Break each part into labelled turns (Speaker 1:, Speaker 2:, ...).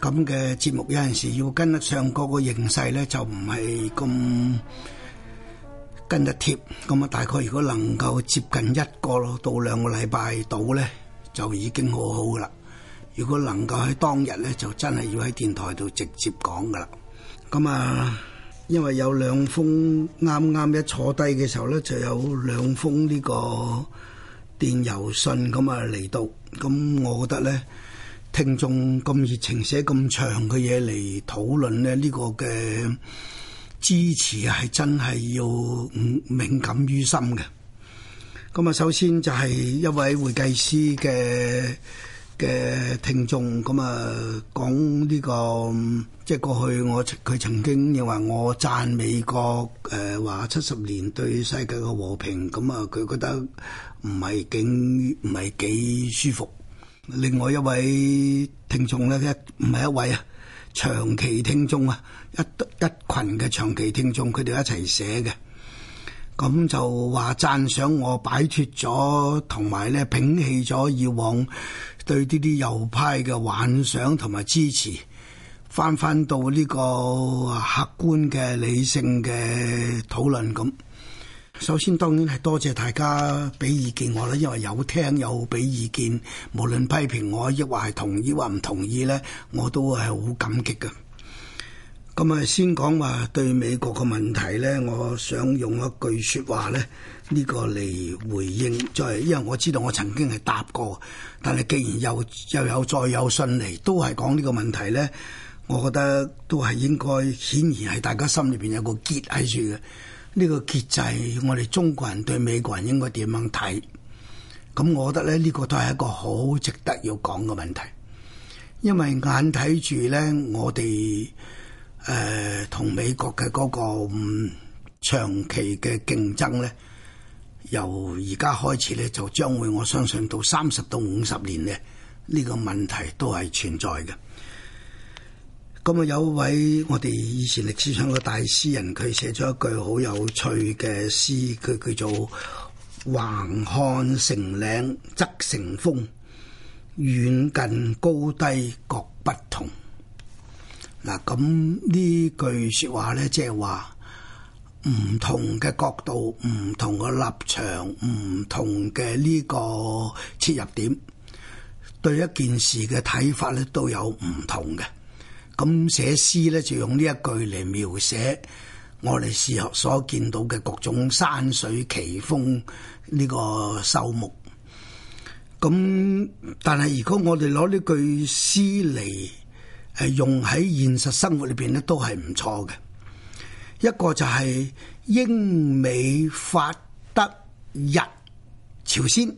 Speaker 1: 咁嘅節目有陣時要跟得上嗰個形勢咧，就唔係咁跟得貼。咁啊，大概如果能夠接近一個咯到兩個禮拜到咧，就已經好好啦。如果能夠喺當日咧，就真係要喺電台度直接講噶啦。咁啊，因為有兩封啱啱一坐低嘅時候咧，就有兩封呢個電郵信咁啊嚟到。咁我覺得咧。聽眾咁熱情寫咁長嘅嘢嚟討論咧，呢、呢個嘅支持係真係要銘銘感於心嘅。咁啊，首先就係一位會計師嘅嘅聽眾咁啊講呢個即係過去我佢曾經認為我讚美美國，誒話七十年對世界嘅和平，咁啊佢覺得唔係幾唔係幾舒服。另外一位聽眾咧，一唔係一位啊，長期聽眾啊，一一羣嘅長期聽眾，佢哋一齊寫嘅，咁就話贊賞我擺脫咗，同埋咧摒棄咗以往對呢啲右派嘅幻想同埋支持，翻翻到呢個客觀嘅理性嘅討論咁。首先，當然係多謝大家俾意見我啦，因為有聽有俾意見，無論批評我，亦或係同意，亦或唔同意咧，我都係好感激嘅。咁啊，先講話對美國嘅問題咧，我想用一句説話咧，呢個嚟回應，就係因為我知道我曾經係答過，但係既然又又有，有再有信嚟，都係講呢個問題咧，我覺得都係應該，顯然係大家心裏邊有個結喺住嘅。呢個結制，我哋中國人對美國人應該點樣睇？咁我覺得咧，呢個都係一個好值得要講嘅問題，因為眼睇住咧，我哋誒、呃、同美國嘅嗰個、嗯、長期嘅競爭咧，由而家開始咧，就將會我相信到三十到五十年咧，呢個問題都係存在嘅。咁啊、嗯，有一位我哋以前歷史上個大詩人，佢寫咗一句好有趣嘅詩，佢叫做橫看成嶺側成峰，遠近高低各不同。嗱，咁、啊嗯、呢句，就是說話咧，即係話唔同嘅角度，唔同嘅立場，唔同嘅呢個切入點，對一件事嘅睇法咧，都有唔同嘅。咁寫詩咧，就用呢一句嚟描寫我哋視學所見到嘅各種山水奇峰呢個秀目。咁，但係如果我哋攞呢句詩嚟係、啊、用喺現實生活裏邊咧，都係唔錯嘅。一個就係英美法德日、朝鮮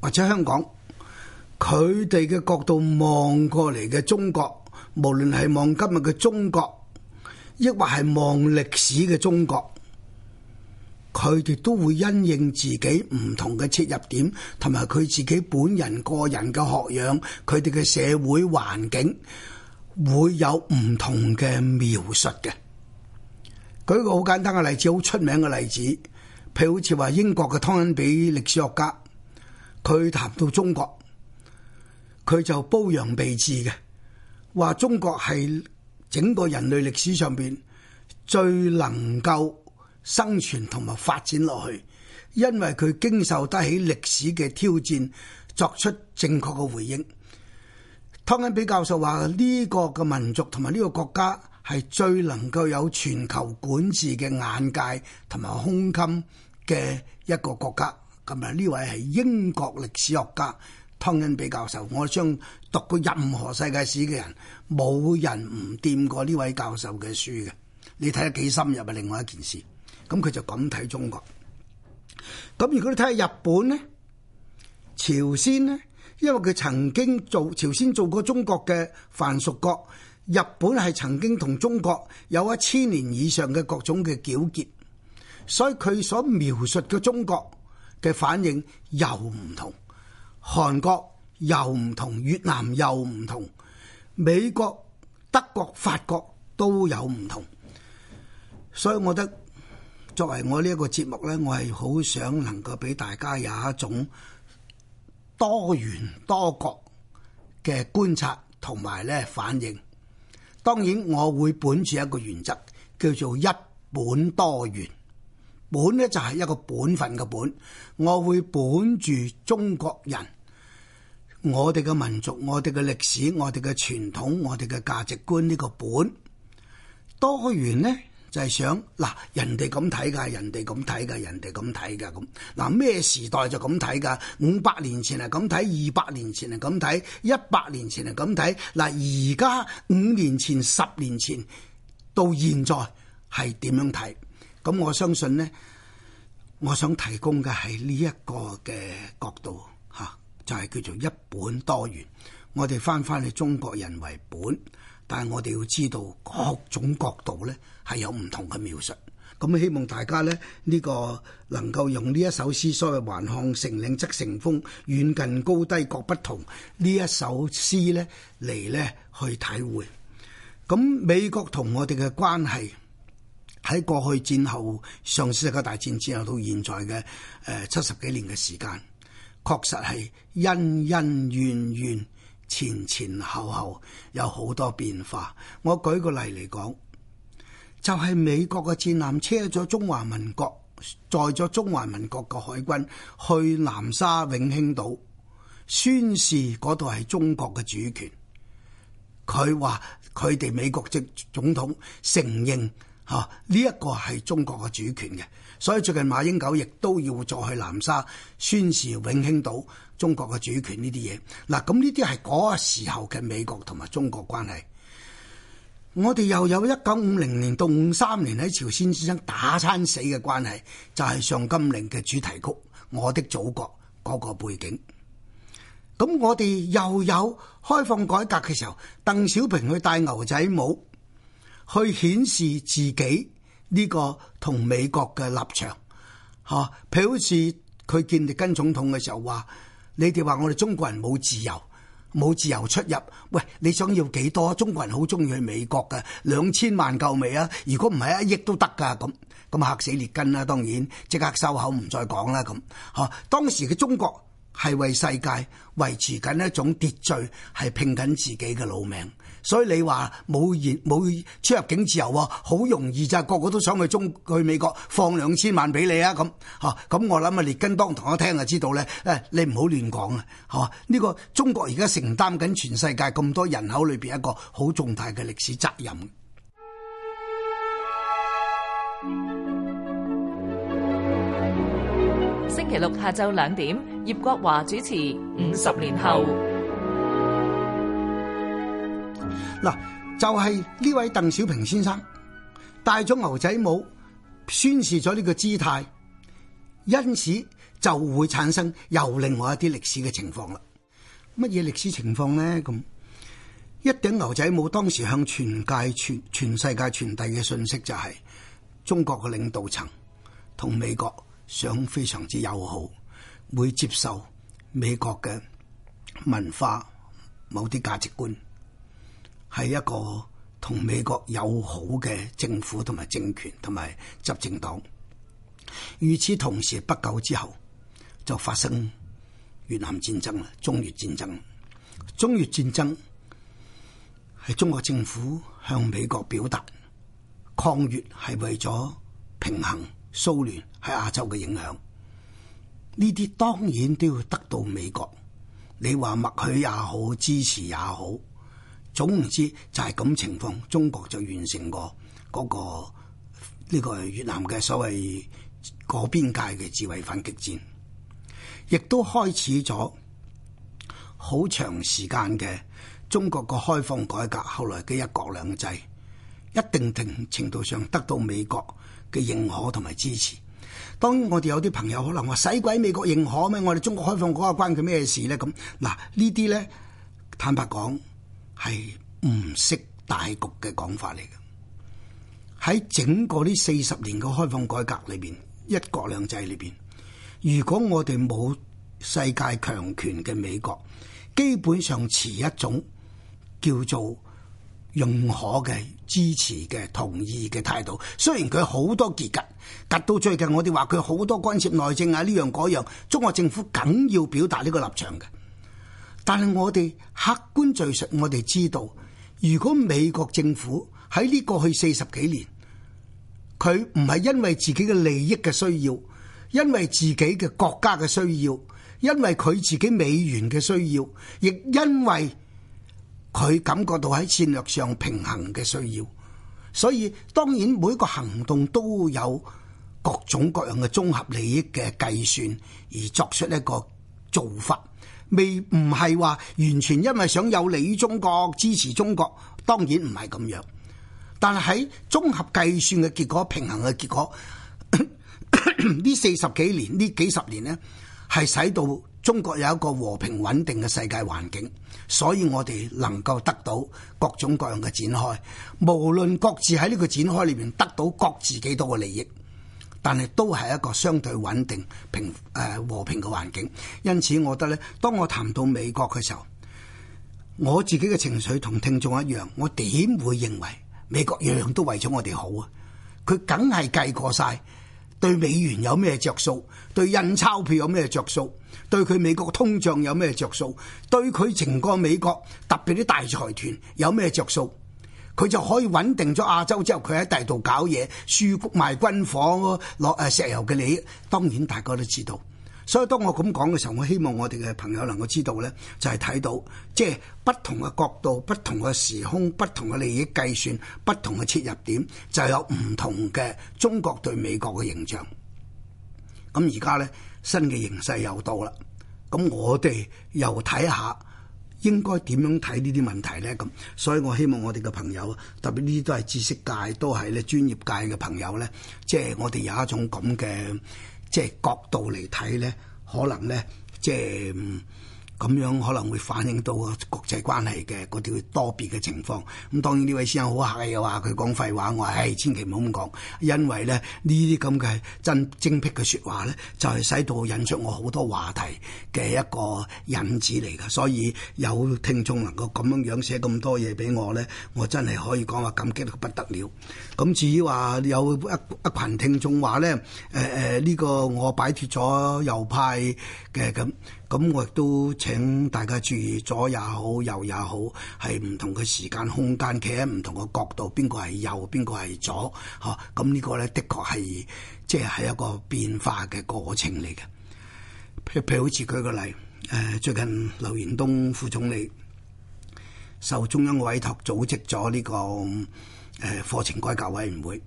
Speaker 1: 或者香港，佢哋嘅角度望過嚟嘅中國。無論係望今日嘅中國，抑或係望歷史嘅中國，佢哋都會因應自己唔同嘅切入點，同埋佢自己本人個人嘅學養，佢哋嘅社會環境會有唔同嘅描述嘅。舉個好簡單嘅例子，好出名嘅例子，譬如好似話英國嘅湯恩比歷史學家，佢談到中國，佢就褒揚備至嘅。話中國係整個人類歷史上邊最能夠生存同埋發展落去，因為佢經受得起歷史嘅挑戰，作出正確嘅回應。湯恩比教授話呢個嘅民族同埋呢個國家係最能夠有全球管治嘅眼界同埋胸襟嘅一個國家。咁啊，呢位係英國歷史學家。湯恩比教授，我想讀過任何世界史嘅人，冇人唔掂過呢位教授嘅書嘅。你睇得幾深入啊？另外一件事，咁佢就咁睇中國。咁如果你睇下日本呢，朝鮮呢，因為佢曾經做朝鮮做過中國嘅藩屬國，日本係曾經同中國有一千年以上嘅各種嘅糾結，所以佢所描述嘅中國嘅反應又唔同。韓國又唔同，越南又唔同，美國德國法國都有唔同，所以我覺得作為我呢一個節目咧，我係好想能夠俾大家有一種多元多國嘅觀察同埋咧反應，當然，我會本住一個原則，叫做一本多元。本咧就係一個本分嘅本，我會本住中國人，我哋嘅民族、我哋嘅歷史、我哋嘅傳統、我哋嘅價值觀呢、呢個本多元呢，就係、是、想嗱，人哋咁睇噶，人哋咁睇噶，人哋咁睇噶咁嗱，咩時代就咁睇噶？五百年前係咁睇，二百年前係咁睇，一百年前係咁睇嗱，而家五年前、十年前到現在係點樣睇？咁我相信呢，我想提供嘅係呢一個嘅角度嚇。就係叫做一本多元，我哋返返去中國人為本，但係我哋要知道各種角度咧係有唔同嘅描述。咁希望大家咧呢、呢個能夠用呢一首詩，所謂橫看成嶺側成峰，遠近高低各不同呢一首詩咧嚟咧去體會。咁美國同我哋嘅關係喺過去戰後上次世界大戰之後到現在嘅誒七十幾年嘅時間。確實係恩恩怨怨，前前后後有好多變化。我舉個例嚟講，就係、是、美國嘅戰艦車咗中華民國載咗中華民國嘅海軍去南沙永興島宣示嗰度係中國嘅主權。佢話佢哋美國嘅總統承認。吓，呢一個係中國嘅主權嘅，所以最近馬英九亦都要再去南沙宣示永興島中國嘅主權呢啲嘢。嗱、啊，咁呢啲係嗰個時候嘅美國同埋中國關係。我哋又有一九五零年到五三年喺朝鮮戰爭打餐死嘅關係，就係、是、上甘嶺嘅主題曲《我的祖國》嗰、那個背景。咁我哋又有開放改革嘅時候，鄧小平去戴牛仔帽。嗯嗯嗯嗯去顯示自己呢個同美國嘅立場，嚇、啊。譬如好似佢見列根總統嘅時候話：你哋話我哋中國人冇自由，冇自由出入。喂，你想要幾多？中國人好中意去美國㗎，兩千萬夠未啊？如果唔係一億都得噶，咁咁嚇死列根啦！當然即刻收口唔再講啦，咁嚇、啊。當時嘅中國。係為世界維持緊一種秩序，係拼緊自己嘅老命。所以你話冇冇出入境自由，好容易就個個都想去中去美國放兩千萬俾你啊！咁，吓咁我諗啊，列根當堂一聽就知道咧，誒，你唔好亂講啊，吓呢個中國而家承擔緊全世界咁多人口裏邊一個好重大嘅歷史責任。 星期六下晝兩點，葉國華主持《五十年後》。嗱， 就係、是、呢位鄧小平先生帶咗牛仔帽，宣示咗呢個姿態，因此就會產生又另外一啲歷史嘅情況啦。乜嘢歷史情況咧？咁一頂牛仔帽當時向全界全、全全世界傳遞嘅信息就係中國嘅領導層同美國。想非常之友好，會接受美國嘅文化某啲價值觀，係一個同美國友好嘅政府同埋政權同埋執政黨。與此同時，不久之後就發生越南戰爭啦，中越戰爭。中越戰爭係中國政府向美國表達抗越係為咗平衡。蘇聯喺亞洲嘅影響，呢啲當然都要得到美國，你話默許也好，支持也好，總言之就係咁情況。中國就完成過嗰個呢個係越南嘅所謂嗰邊界嘅自衛反擊戰，亦都開始咗好長時間嘅中國嘅開放改革。後來嘅一國兩制，一定程度上得到美國。嘅認可同埋支持，當我哋有啲朋友可能話：使鬼美國認可咩？我哋中國開放國家關佢咩事咧？咁嗱，呢啲咧，坦白講係唔識大局嘅講法嚟嘅。喺整個呢四十年嘅開放改革裏邊，一國兩制裏邊，如果我哋冇世界強權嘅美國，基本上持一種叫做認可嘅支持嘅同意嘅態度，雖然佢好多結格，吉到最近我哋話佢好多干涉內政啊呢樣嗰樣，中國政府梗要表達呢個立場嘅。但係我哋客觀敘述，我哋知道，如果美國政府喺呢過去四十幾年，佢唔係因為自己嘅利益嘅需要，因為自己嘅國家嘅需要，因為佢自己美元嘅需要，亦因為。佢感覺到喺戰略上平衡嘅需要，所以當然每個行動都有各種各樣嘅綜合利益嘅計算而作出一個做法，未唔係話完全因為想有利於中國，支持中國，當然唔係咁樣。但係喺綜合計算嘅結果，平衡嘅結果，呢 四十幾年，呢幾十年呢，係使到，中國有一個和平穩定嘅世界環境，所以我哋能夠得到各種各樣嘅展開。無論各自喺呢個展開裏面得到各自幾多嘅利益，但係都係一個相對穩定平、平誒和平嘅環境。因此，我覺得咧，當我談到美國嘅時候，我自己嘅情緒同聽眾一樣，我點會認為美國樣樣都為咗我哋好啊？佢梗係計過晒。對美元有咩着數？對印鈔票有咩着數？對佢美國通脹有咩着數？對佢整個美國特別啲大財團有咩着數？佢就可以穩定咗亞洲之後，佢喺第度搞嘢，輸埋軍火攞誒石油嘅利益，當然大家都知道。所以當我咁講嘅時候，我希望我哋嘅朋友能夠知道呢就係睇到即係不同嘅角度、不同嘅時空、不同嘅利益計算、不同嘅切入點，就有唔同嘅中國對美國嘅形象。咁而家呢，新嘅形勢又到啦，咁我哋又睇下應該點樣睇呢啲問題呢？咁所以我希望我哋嘅朋友，特別呢啲都係知識界、都係呢專業界嘅朋友呢，即係我哋有一種咁嘅。即係角度嚟睇咧，可能咧，即係。嗯咁樣可能會反映到國際關係嘅嗰啲多變嘅情況。咁當然呢位先生好客氣，話，佢講廢話，我唉、哎，千祈唔好咁講，因為咧呢啲咁嘅真精辟嘅説話咧，就係、是、使到引出我好多話題嘅一個引子嚟㗎。所以有聽眾能夠咁樣樣寫咁多嘢俾我咧，我真係可以講話感激到不得了。咁至於話有一一羣聽眾話咧，誒誒呢個我擺脱咗右派嘅咁。咁我亦都請大家注意，左也好，右也好，係唔同嘅時間、空間，企喺唔同嘅角度，邊個係右，邊個係左，嚇。咁呢個咧，的確係即係係一個變化嘅過程嚟嘅。譬譬如好似舉個例，誒最近劉延東副總理受中央委託組織咗呢個誒課程改革委員會，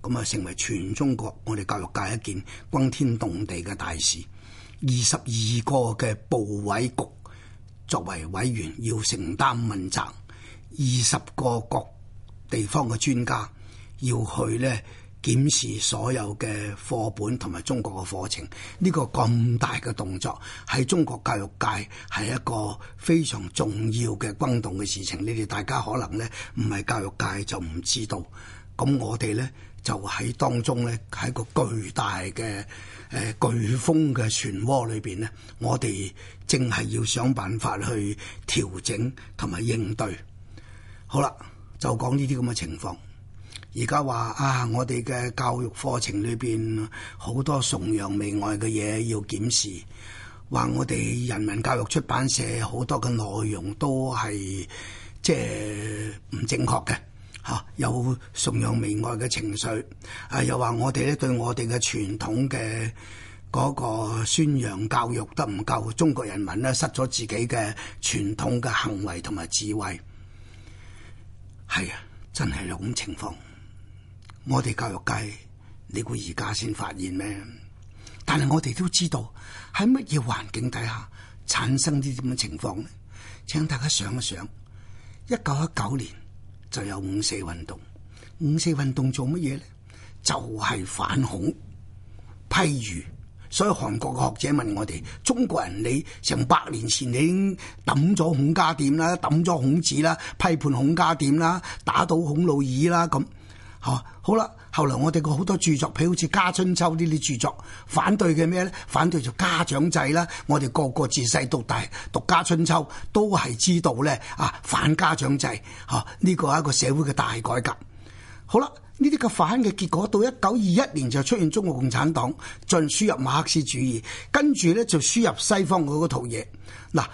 Speaker 1: 咁啊成為全中國我哋教育界一件轟天動地嘅大事。二十二個嘅部委局作為委員要承擔問責，二十個各地方嘅專家要去咧檢視所有嘅課本同埋中國嘅課程。呢個咁大嘅動作喺中國教育界係一個非常重要嘅轟動嘅事情。你哋大家可能咧唔係教育界就唔知道。咁我哋咧就喺當中咧，喺個巨大嘅誒颶風嘅漩渦裏邊咧，我哋正係要想辦法去調整同埋應對。好啦，就講呢啲咁嘅情況。而家話啊，我哋嘅教育課程裏邊好多崇洋媚外嘅嘢，要檢視，話我哋人民教育出版社好多嘅內容都係即係唔正確嘅。嚇，有崇洋媚外嘅情緒啊，又話、啊、我哋咧對我哋嘅傳統嘅個宣揚教育得唔夠，中國人民咧失咗自己嘅傳統嘅行為同埋智慧，係啊，真係有咁情況。我哋教育界，你估而家先發現咩？但係我哋都知道喺乜嘢環境底下產生啲咁嘅情況咧？請大家想一想，一九一九年。就有五四運動，五四運動做乜嘢咧？就係、是、反孔。譬如，所以韓國嘅學者問我哋：中國人你成百年前你抌咗孔家店啦，抌咗孔子啦，批判孔家店啦，打倒孔老二啦，咁。哦、啊，好啦，後來我哋個好多著作，譬如好似《家春秋》呢啲著作，反對嘅咩咧？反對做家長制啦。我哋個，個個自細到大，讀《家春秋》都係知道咧，啊，反家長制，吓，呢個係一個社會嘅大改革。好啦，呢啲嘅反嘅結果，到一九二一年就出現中國共產黨，進輸入馬克思主義，跟住咧就輸入西方嗰套嘢，嗱。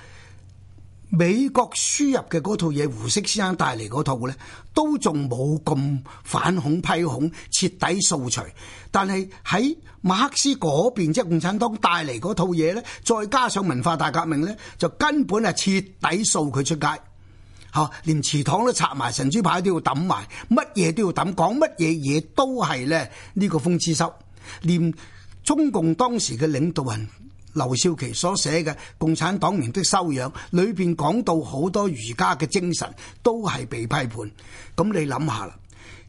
Speaker 1: 美國輸入嘅嗰套嘢，胡適先生帶嚟嗰套咧，都仲冇咁反孔、批孔，徹底掃除。但係喺馬克思嗰邊即共產黨帶嚟嗰套嘢咧，再加上文化大革命咧，就根本係徹底掃佢出街，嚇！連祠堂都拆埋，神主牌都要抌埋，乜嘢都要抌，講乜嘢嘢都係咧呢個封資修。連中共當時嘅領導人。劉少奇所寫嘅《共產黨員的修養》裏邊講到好多儒家嘅精神都係被批判。咁你諗下啦，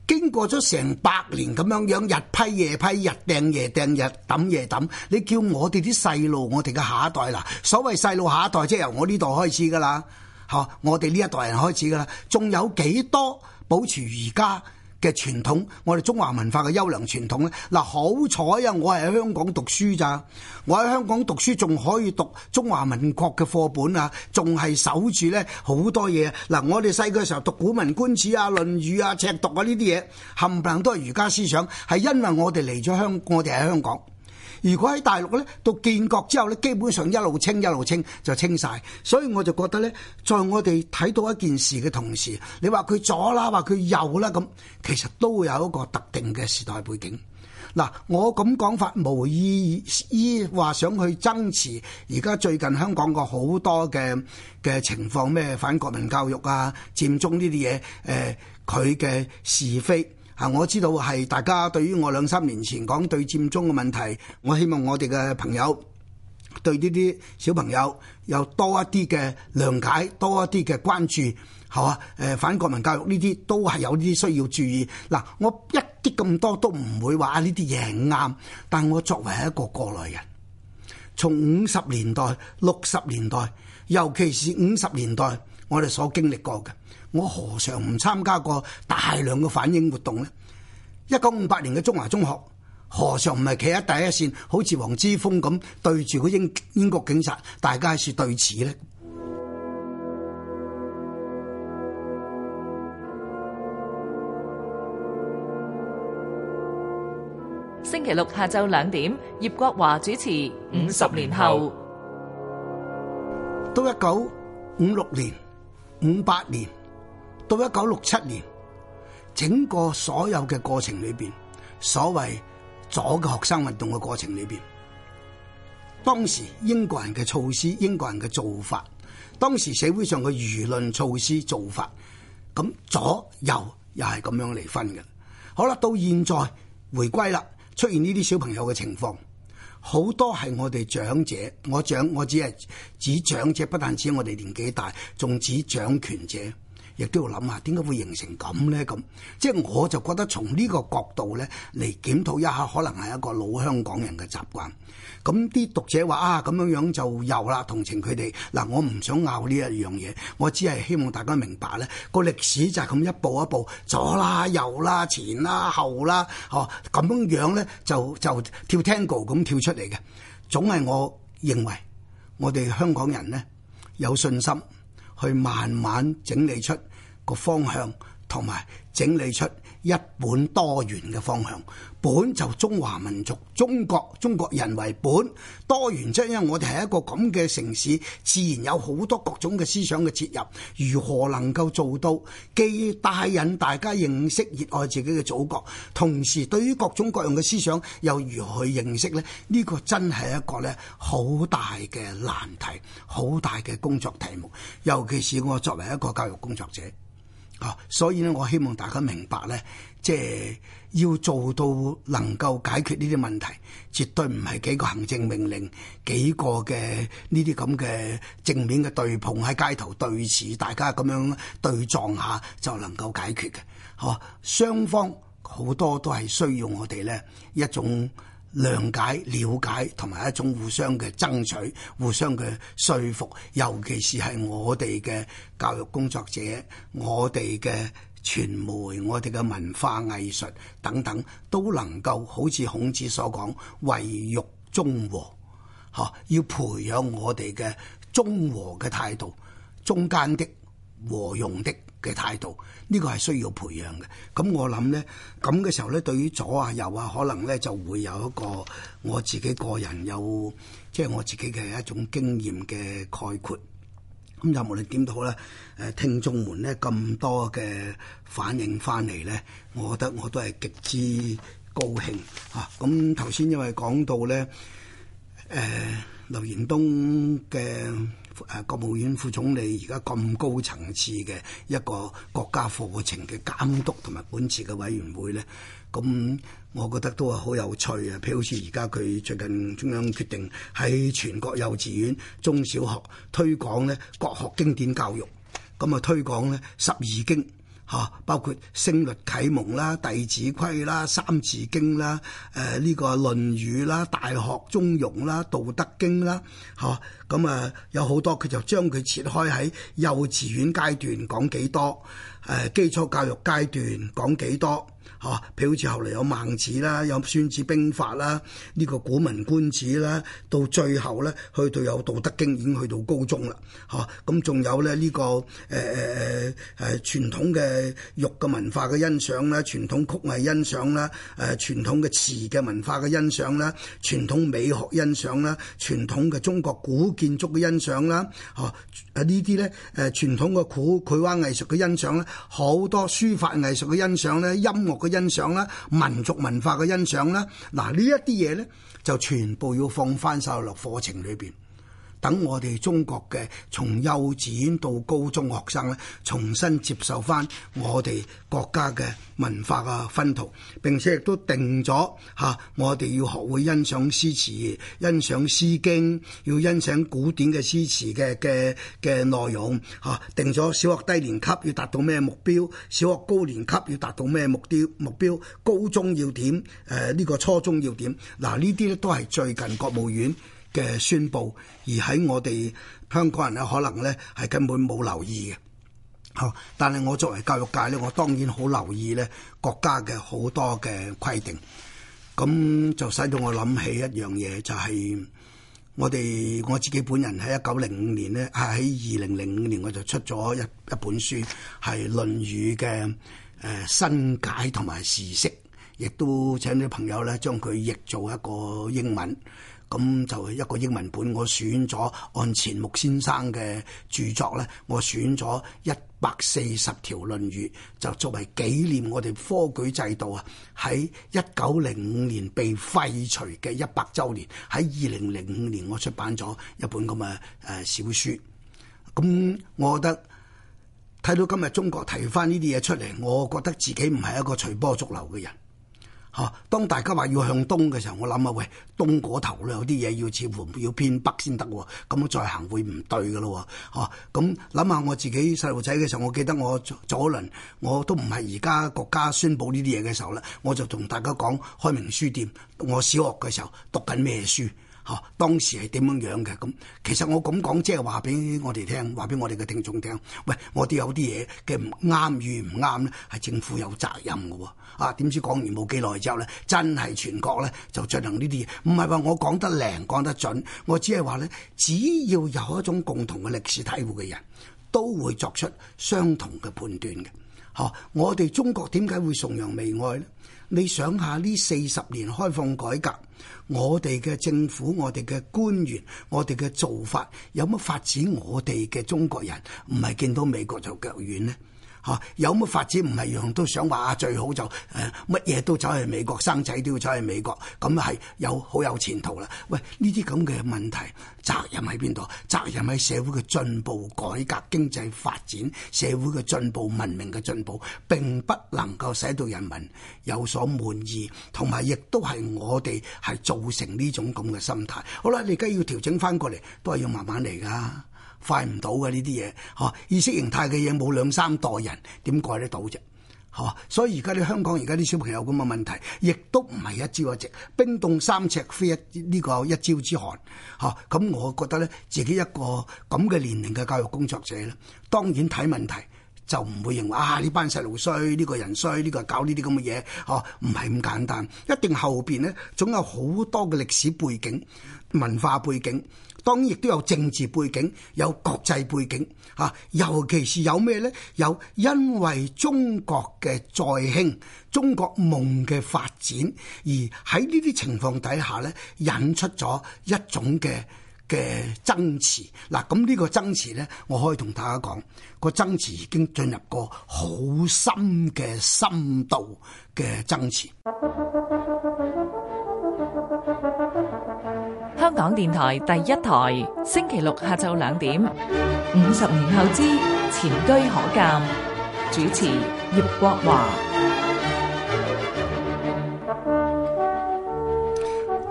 Speaker 1: 經過咗成百年咁樣樣，日批夜批，日掟夜掟，日抌夜抌，你叫我哋啲細路，我哋嘅下一代啦，所謂細路下一代，即係由我呢代開始噶啦，吓我哋呢一代人開始噶啦，仲有幾多保持儒家？嘅傳統，我哋中華文化嘅優良傳統咧，嗱好彩啊！我係喺香港讀書咋，我喺香港讀書仲可以讀中華民國嘅課本啊，仲係守住咧好多嘢。嗱，我哋細個時候讀《古文觀止》啊，《論語》啊，《赤讀》啊呢啲嘢，冚唪唥都係儒家思想，係因為我哋嚟咗香，我哋喺香港。如果喺大陸咧，到建國之後咧，基本上一路清一路清就清晒。所以我就覺得咧，在我哋睇到一件事嘅同時，你話佢左啦，話佢右啦咁，其實都有一個特定嘅時代背景。嗱，我咁講法無意義，話想去爭持，而家最近香港個好多嘅嘅情況咩反國民教育啊、佔中呢啲嘢，誒佢嘅是非。啊！我知道係大家對於我兩三年前講對佔中嘅問題，我希望我哋嘅朋友對呢啲小朋友有多一啲嘅諒解，多一啲嘅關注，係嘛？誒反國民教育呢啲都係有啲需要注意。嗱，我一啲咁多都唔會話呢啲嘢唔啱，但我作為一個過來人，從五十年代、六十年代，尤其是五十年代。我哋所經歷過嘅，我何嘗唔參加過大量嘅反英活動呢？一九五八年嘅中華中學，何嘗唔係企喺第一線，好似黃之鋒咁對住個英英國警察，大家説對峙呢？星期六下晝兩點，葉國華主持。五十年後，到一九五六年。五八年到一九六七年，整個所有嘅過程裏邊，所謂左嘅學生運動嘅過程裏邊，當時英國人嘅措施、英國人嘅做法，當時社會上嘅輿論措施做法，咁左右又係咁樣離婚嘅。好啦，到現在回歸啦，出現呢啲小朋友嘅情況。好多係我哋長者，我長我只係指長者，不但指我哋年紀大，仲指掌權者。亦都要諗下，點解會形成咁咧？咁即係我就覺得從呢個角度咧嚟檢討一下，可能係一個老香港人嘅習慣。咁啲讀者話啊，咁樣樣就有啦，同情佢哋。嗱、啊，我唔想拗呢一樣嘢，我只係希望大家明白咧，個歷史就係咁一步一步，左啦右啦前啦後啦，哦、啊、咁樣樣咧就就跳 Tango 咁跳出嚟嘅。總係我認為，我哋香港人咧有信心。去慢慢整理出個方向，同埋整理出一本多元嘅方向，本就中華民族、中國中國人為本，多元即係因為我哋係一個咁嘅城市，自然有好多各種嘅思想嘅切入。如何能夠做到既帶引大家認識熱愛自己嘅祖國，同時對於各種各樣嘅思想又如何去認識咧？呢、呢個真係一個咧好大嘅難題，好大嘅工作題目，尤其是我作為一個教育工作者。哦，所以咧，我希望大家明白咧，即係要做到能夠解決呢啲問題，絕對唔係幾個行政命令、幾個嘅呢啲咁嘅正面嘅對碰喺街頭對峙，大家咁樣對撞下就能夠解決嘅。哦，雙方好多都係需要我哋咧一種。諒解、了解同埋一種互相嘅爭取、互相嘅說服，尤其是係我哋嘅教育工作者、我哋嘅傳媒、我哋嘅文化藝術等等，都能夠好似孔子所講位育中和，吓要培養我哋嘅中和嘅態度，中間的和融的，嘅態度，呢個係需要培養嘅。咁我諗呢，咁嘅時候呢，對於左啊右啊，可能呢就會有一個我自己個人有即係我自己嘅一種經驗嘅概括。咁就無論點都好咧，誒聽眾們呢咁多嘅反應翻嚟呢，我覺得我都係極之高興嚇。咁頭先因為講到呢。誒。劉延東嘅誒國務院副總理而家咁高層次嘅一個國家課程嘅監督同埋本治嘅委員會咧，咁我覺得都係好有趣啊！譬如好似而家佢最近中央決定喺全國幼稚園、中小學推廣咧國學經典教育，咁啊推廣咧十二經。嚇，包括聲律啟蒙啦、弟子規啦、三字經啦、誒、這、呢個《論語》啦、《大學》《中庸》啦、《道德經》啦、啊，嚇，咁啊有好多佢就將佢切開喺幼稚園階段講幾多，誒、啊、基礎教育階段講幾多。吓，譬如好似後嚟有孟子啦，有《孫子兵法》啦，呢個古文觀止啦，到最後咧，去到有《道德經》已經去到高中啦。吓，咁仲有咧，呢個誒誒誒誒傳統嘅玉嘅文化嘅欣賞啦，傳統曲藝欣賞啦，誒傳統嘅詞嘅文化嘅欣賞啦，傳統美學欣賞啦，傳統嘅中國古建築嘅欣賞啦，吓誒呢啲咧，誒傳統嘅古繪畫藝術嘅欣賞咧，好多書法藝術嘅欣賞咧，音樂。欣賞啦，民族文化嘅欣賞啦，嗱，呢一啲嘢咧，就全部要放翻晒落課程裏邊。等我哋中國嘅從幼稚園到高中學生咧，重新接受返我哋國家嘅文化嘅熏陶，並且亦都定咗嚇，我哋要學會欣賞詩詞，欣賞詩經，要欣賞古典嘅詩詞嘅嘅嘅內容嚇，定咗小學低年級要達到咩目標，小學高年級要達到咩目標目標，高中要點誒，呢個初中要點嗱，呢啲咧都係最近國務院。嘅宣佈，而喺我哋香港人咧，可能咧係根本冇留意嘅。好，但係我作為教育界咧，我當然好留意咧國家嘅好多嘅規定。咁就使到我諗起一樣嘢，就係、是、我哋我自己本人喺一九零五年咧，喺二零零五年我就出咗一一本書，係《論語》嘅誒新解同埋時識。亦都請啲朋友咧，將佢譯做一個英文，咁就係一個英文本。我選咗按錢穆先生嘅著作咧，我選咗一百四十條論語，就作為紀念我哋科舉制度啊喺一九零五年被廢除嘅一百週年。喺二零零五年，我出版咗一本咁嘅誒小書。咁我覺得睇到今日中國提返呢啲嘢出嚟，我覺得自己唔係一個隨波逐流嘅人。嚇！當大家話要向東嘅時候，我諗下，喂，東嗰頭咧有啲嘢要似乎要偏北先得喎，咁、哦、再行會唔對嘅咯喎，嚇、哦！咁、嗯、諗下我自己細路仔嘅時候，我記得我左輪我都唔係而家國家宣佈呢啲嘢嘅時候咧，我就同大家講開明書店，我小學嘅時候讀緊咩書？嚇、哦！當時係點樣樣嘅咁？其實我咁講，即係話俾我哋聽，話俾我哋嘅聽眾聽。喂，我哋有啲嘢嘅唔啱與唔啱咧，係政府有責任嘅喎、哦。啊，點知講完冇幾耐之後咧，真係全國咧就進行呢啲嘢。唔係話我講得靚，講得準，我只係話咧，只要有一種共同嘅歷史體會嘅人都會作出相同嘅判斷嘅。嚇！我哋中國點解會崇洋媚外呢？你想下呢四十年開放改革，我哋嘅政府、我哋嘅官員、我哋嘅做法，有乜發展？我哋嘅中國人唔係見到美國就腳軟呢？嚇、啊、有乜發展唔係樣都想話啊！最好就誒乜嘢都走去美國生仔都要走去美國，咁係有好有前途啦。喂，呢啲咁嘅問題，責任喺邊度？責任喺社會嘅進步、改革、經濟發展、社會嘅進步、文明嘅進步，並不能夠使到人民有所滿意，同埋亦都係我哋係造成呢種咁嘅心態。好啦，你而家要調整翻過嚟，都係要慢慢嚟㗎。快唔到嘅呢啲嘢，嗬！意識形態嘅嘢冇兩三代人點改得到啫，嗬！所以而家啲香港而家啲小朋友咁嘅問題，亦都唔係一朝一夕。冰凍三尺非一呢、呢個一朝之寒，嗬！咁、嗯、我覺得咧，自己一個咁嘅年齡嘅教育工作者咧，當然睇問題，就唔會認為啊呢班細路衰，呢、這個人衰，呢、這個搞呢啲咁嘅嘢，嗬、啊，唔係咁簡單，一定後邊咧總有好多嘅歷史背景、文化背景，當然亦都有政治背景、有國際背景，嚇、啊，尤其是有咩呢？有因為中國嘅再興、中國夢嘅發展，而喺呢啲情況底下呢，引出咗一種嘅嘅爭持，嗱，咁呢個爭持咧，我可以同大家講，個爭持已經進入個好深嘅深度嘅爭持。香港電台第一台星期六下晝兩點，五十年後之前車可鑑，主持葉國華。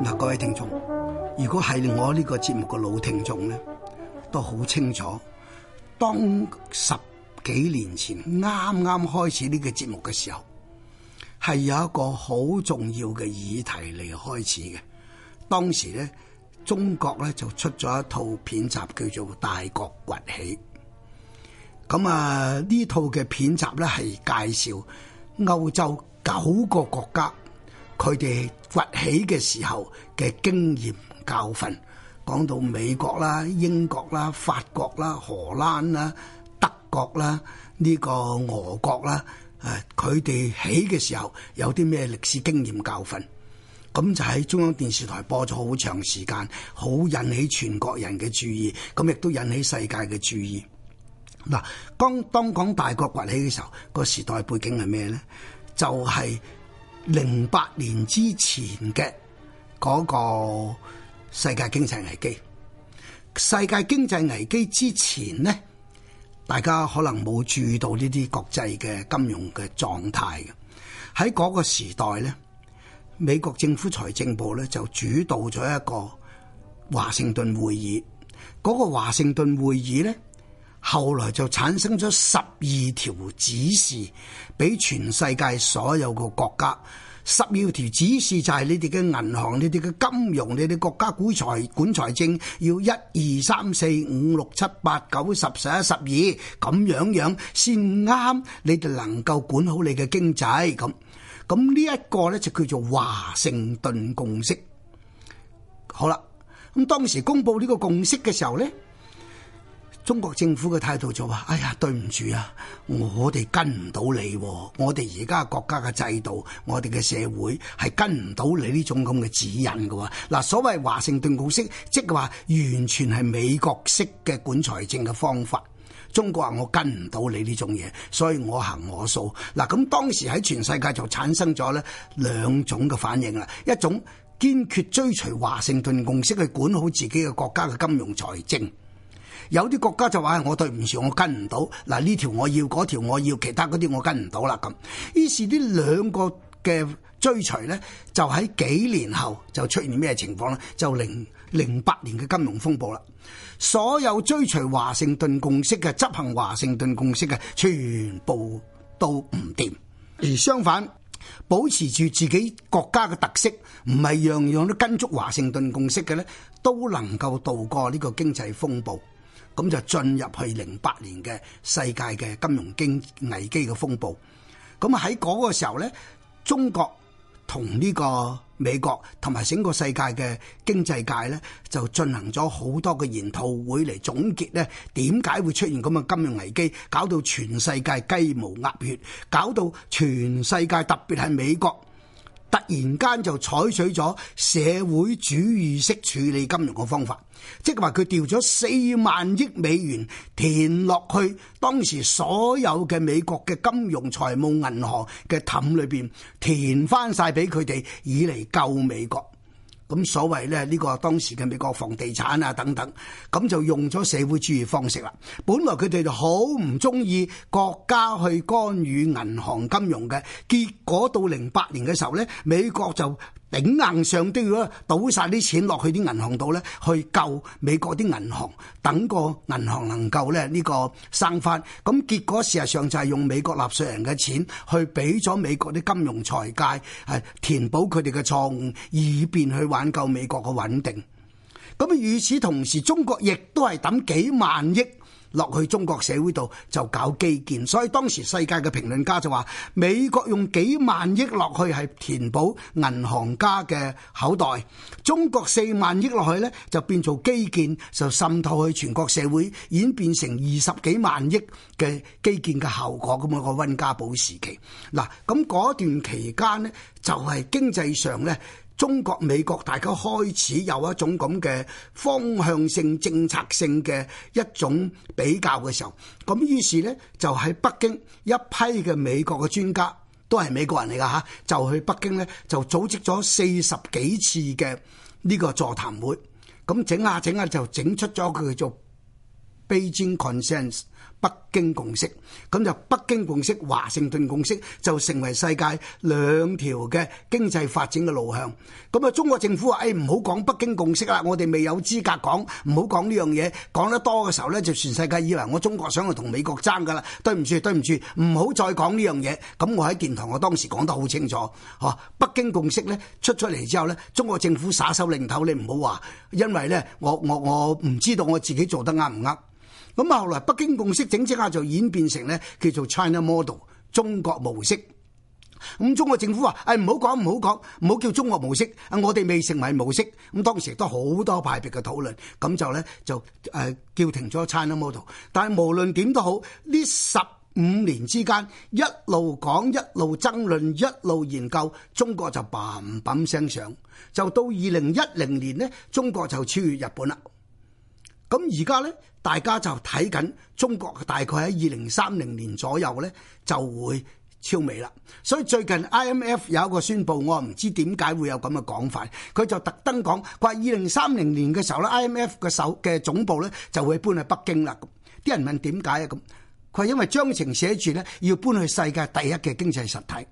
Speaker 1: 嗱，各位聽眾。如果係我呢個節目嘅老聽眾咧，都好清楚，當十幾年前啱啱開始呢個節目嘅時候，係有一個好重要嘅議題嚟開始嘅。當時咧，中國咧就出咗一套片集叫做《大國崛起》。咁啊，呢套嘅片集咧係介紹歐洲九個國家，佢哋崛起嘅時候嘅經驗。教訓講到美國啦、英國啦、法國啦、荷蘭啦、德國啦、呢個俄國啦，誒、啊，佢哋起嘅時候有啲咩歷史經驗教訓？咁就喺中央電視台播咗好長時間，好引起全國人嘅注意，咁亦都引起世界嘅注意。嗱、啊，剛當講大國崛起嘅時候，個時代背景係咩咧？就係零八年之前嘅嗰個世界經濟危機。世界經濟危機之前呢，大家可能冇注意到呢啲國際嘅金融嘅狀態嘅。喺嗰個時代呢，美國政府財政部呢就主導咗一個華盛頓會議。嗰個華盛頓會議呢，後來就產生咗十二條指示，俾全世界所有嘅國家。十二條指示就係你哋嘅銀行、你哋嘅金融、你哋國家財財管財管財政，要一二三四五六七八九十十一十二咁樣樣先啱，你哋能夠管好你嘅經濟。咁咁呢一個咧就叫做華盛頓共識。好啦，咁當時公布呢個共識嘅時候咧，中國政府嘅態度就話：哎呀，對唔住啊，我哋跟唔到你啊，我哋而家國家嘅制度，我哋嘅社會係跟唔到你呢種咁嘅指引嘅。嗱，所謂華盛頓共識，即係話完全係美國式嘅管財政嘅方法。中國話我跟唔到你呢種嘢，所以我行我素。嗱，咁當時喺全世界就產生咗咧兩種嘅反應啦，一種堅決追隨華盛頓共識去管好自己嘅國家嘅金融財政。有啲國家就話：我對唔住，我跟唔到。嗱，呢條我要，嗰條我要，其他嗰啲我跟唔到啦。咁於是呢兩個嘅追隨呢，就喺幾年後就出現咩情況呢？就零零八年嘅金融風暴啦。所有追隨華盛頓共識嘅執行華盛頓共識嘅，全部都唔掂。而相反，保持住自己國家嘅特色，唔係樣樣都跟足華盛頓共識嘅呢，都能夠度過呢個經濟風暴。咁就進入去零八年嘅世界嘅金融經危機嘅風暴。咁喺嗰個時候呢，中國同呢個美國同埋整個世界嘅經濟界呢，就進行咗好多嘅研討會嚟總結呢，點解會出現咁嘅金融危機，搞到全世界雞毛鴨血，搞到全世界，特別係美國。突然間就採取咗社會主義式處理金融嘅方法，即係話佢調咗四萬億美元填落去當時所有嘅美國嘅金融財務銀行嘅氹裏邊，填翻晒俾佢哋以嚟救美國。咁所謂咧，呢個當時嘅美國房地產啊等等，咁就用咗社會主義方式啦。本來佢哋就好唔中意國家去干預銀行金融嘅，結果到零八年嘅時候咧，美國就頂硬上都要倒晒啲錢落去啲銀行度咧，去救美國啲銀行，等個銀行能夠咧呢個生翻。咁結果事實上就係用美國納稅人嘅錢去俾咗美國啲金融財界係填補佢哋嘅錯誤，以便去挽救美國嘅穩定。咁啊，與此同時，中國亦都係抌幾萬億。落去中國社會度就搞基建，所以當時世界嘅評論家就話：美國用幾萬億落去係填補銀行家嘅口袋，中國四萬億落去呢，就變做基建，就滲透去全國社會，演變成二十幾萬億嘅基建嘅效果，咁樣一個温家寶時期。嗱，咁嗰段期間呢，就係經濟上呢。中國美國大家開始有一種咁嘅方向性、政策性嘅一種比較嘅時候，咁於是呢，就喺北京一批嘅美國嘅專家，都係美國人嚟㗎嚇，就去北京呢，就組織咗四十幾次嘅呢個座談會，咁整下整下就整出咗佢叫做 Beijing Consensus 北京共識，咁就北京共識，華盛頓共識，就成為世界兩條嘅經濟發展嘅路向。咁啊，中國政府話：誒唔好講北京共識啦，我哋未有資格講。唔好講呢樣嘢。講得多嘅時候呢，就全世界以為我中國想去同美國爭㗎啦。對唔住，對唔住，唔好再講呢樣嘢。咁我喺電台，我當時講得好清楚，嚇、啊、北京共識呢，出出嚟之後呢，中國政府耍手擰頭，你唔好話，因為呢，我我我唔知道我自己做得啱唔啱。咁啊，後來北京共識整整下就演變成咧，叫做 China model 中國模式。咁中國政府話：誒唔好講，唔好講，唔好叫中國模式。啊，我哋未成為模式。咁當時都好多派別嘅討論，咁就咧就誒叫停咗 China model。但係無論點都好，呢十五年之間一路講，一路爭論，一路研究，中國就嘭嘭聲上，就到二零一零年咧，中國就超越日本啦。咁而家咧，大家就睇緊中國大概喺二零三零年左右咧就會超美啦。所以最近 IMF 有一個宣布，我唔知點解會有咁嘅講法，佢就特登講，佢話，二零三零年嘅時候咧，IMF 嘅首嘅總部咧就會搬去北京啦。咁啲人問點解啊？咁佢因為章程寫住咧，要搬去世界第一嘅經濟實體。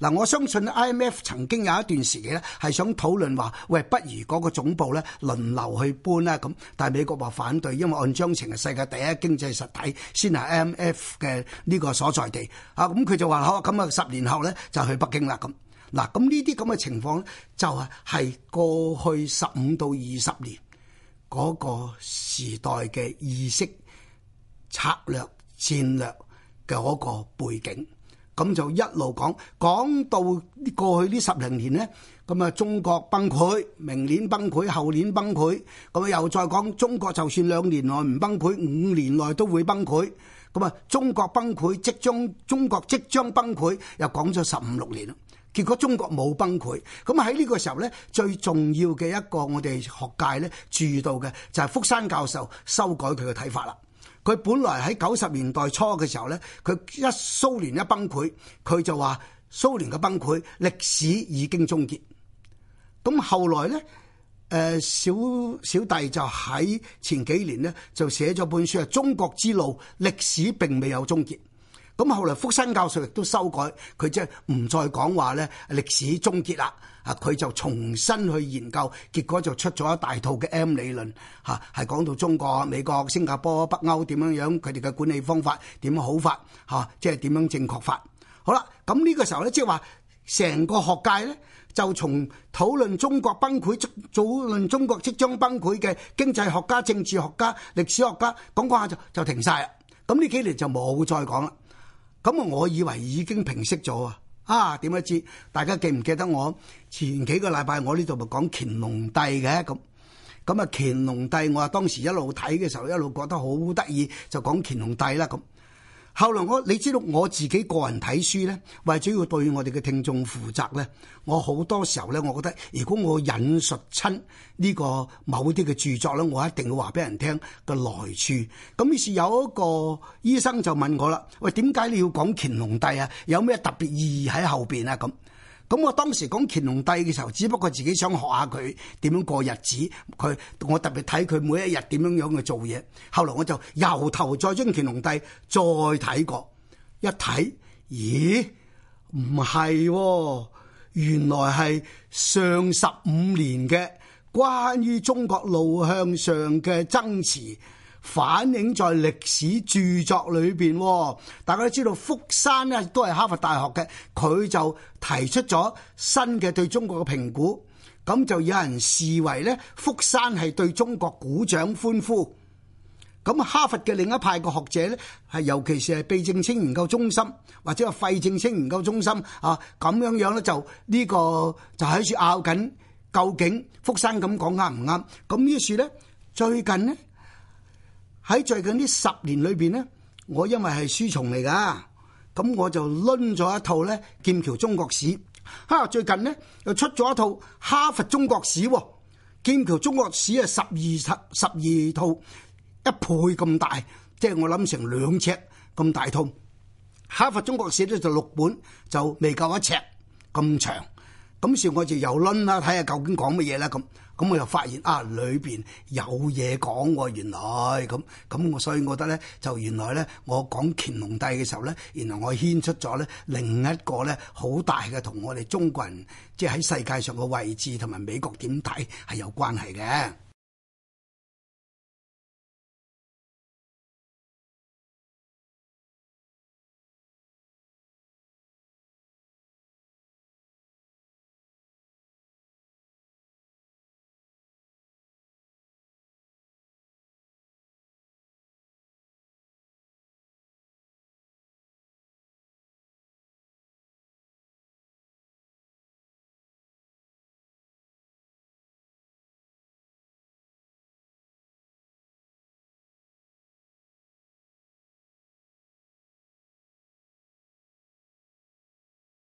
Speaker 1: 嗱，我相信 IMF 曾經有一段時期咧，係想討論話喂，不如嗰個總部咧輪流去搬啦咁，但係美國話反對，因為按章程係世界第一經濟實體先係 IMF 嘅呢個所在地，啊，咁佢就話好，咁啊十年後咧就去北京啦咁。嗱，咁呢啲咁嘅情況咧就係係過去十五到二十年個時代嘅意識策略戰略嘅個背景。咁就一路講講到過去呢十零年呢。咁啊中國崩潰，明年崩潰，後年崩潰，咁又再講中國就算兩年內唔崩潰，五年內都會崩潰。咁啊，中國崩潰即將，中國即將崩潰，又講咗十五六年啦。結果中國冇崩潰，咁喺呢個時候呢，最重要嘅一個我哋學界呢，注意到嘅就係福山教授修改佢嘅睇法啦。佢本來喺九十年代初嘅時候咧，佢一蘇聯一崩潰，佢就話蘇聯嘅崩潰歷史已經終結。咁後來咧，誒小小弟就喺前幾年咧就寫咗本書啊，《中國之路》，歷史並未有終結。咁後嚟，福山教授亦都修改佢，即係唔再講話咧歷史終結啦。啊，佢就重新去研究，結果就出咗一大套嘅 M 理論，嚇係講到中國、美國、新加坡、北歐點樣樣，佢哋嘅管理方法點好法，嚇即係點樣正確法。好啦，咁呢個時候咧，即係話成個學界咧就從討論中國崩潰、組討論中國即將崩潰嘅經濟學家、政治學家、歷史學家講講下就就停晒啦。咁呢幾年就冇再講啦。咁啊！我以為已經平息咗啊！啊點解知？大家記唔記得我前幾個禮拜我呢度咪講乾隆帝嘅咁？咁啊乾隆帝，我啊當時一路睇嘅時候一路覺得好得意，就講乾隆帝啦咁。後來我你知道我自己個人睇書咧，為咗要對我哋嘅聽眾負責咧，我好多時候咧，我覺得如果我引述親呢個某啲嘅著作咧，我一定要話俾人聽個來處。咁於是有一個醫生就問我啦：「喂，點解你要講乾隆帝啊？有咩特別意義喺後邊啊？咁？咁我當時講乾隆帝嘅時候，只不過自己想學下佢點樣過日子，佢我特別睇佢每一日點樣樣去做嘢。後來我就由頭再將乾隆帝再睇過，一睇，咦，唔係喎，原來係上十五年嘅關於中國路向上嘅爭持。反映在歷史著作裏邊，大家都知道福山咧都係哈佛大學嘅，佢就提出咗新嘅對中國嘅評估，咁就有人視為咧福山係對中國鼓掌歡呼。咁哈佛嘅另一派嘅學者咧，係尤其是係費正清研究中心或者係費正清研究中心啊咁樣樣咧，就呢個就喺處拗緊，究竟福山咁講啱唔啱？咁於是咧最近咧。喺最近呢十年裏邊呢，我因為係書蟲嚟噶，咁我就攆咗一套咧《劍橋中國史》啊。嚇，最近呢，又出咗一、啊一，就是一套《哈佛中國史》喎，《劍橋中國史》啊十二十十二套一倍咁大，即係我諗成兩尺咁大套，《哈佛中國史》咧就六本就未夠一尺咁長，咁時我就又攆啦，睇下究竟講乜嘢啦咁。啊咁我又發現啊，裏邊有嘢講喎，原來咁咁我，所以我覺得咧，就原來咧，我講乾隆帝嘅時候咧，原來我牽出咗咧另一個咧好大嘅同我哋中國人即係喺世界上嘅位置同埋美國點睇係有關係嘅。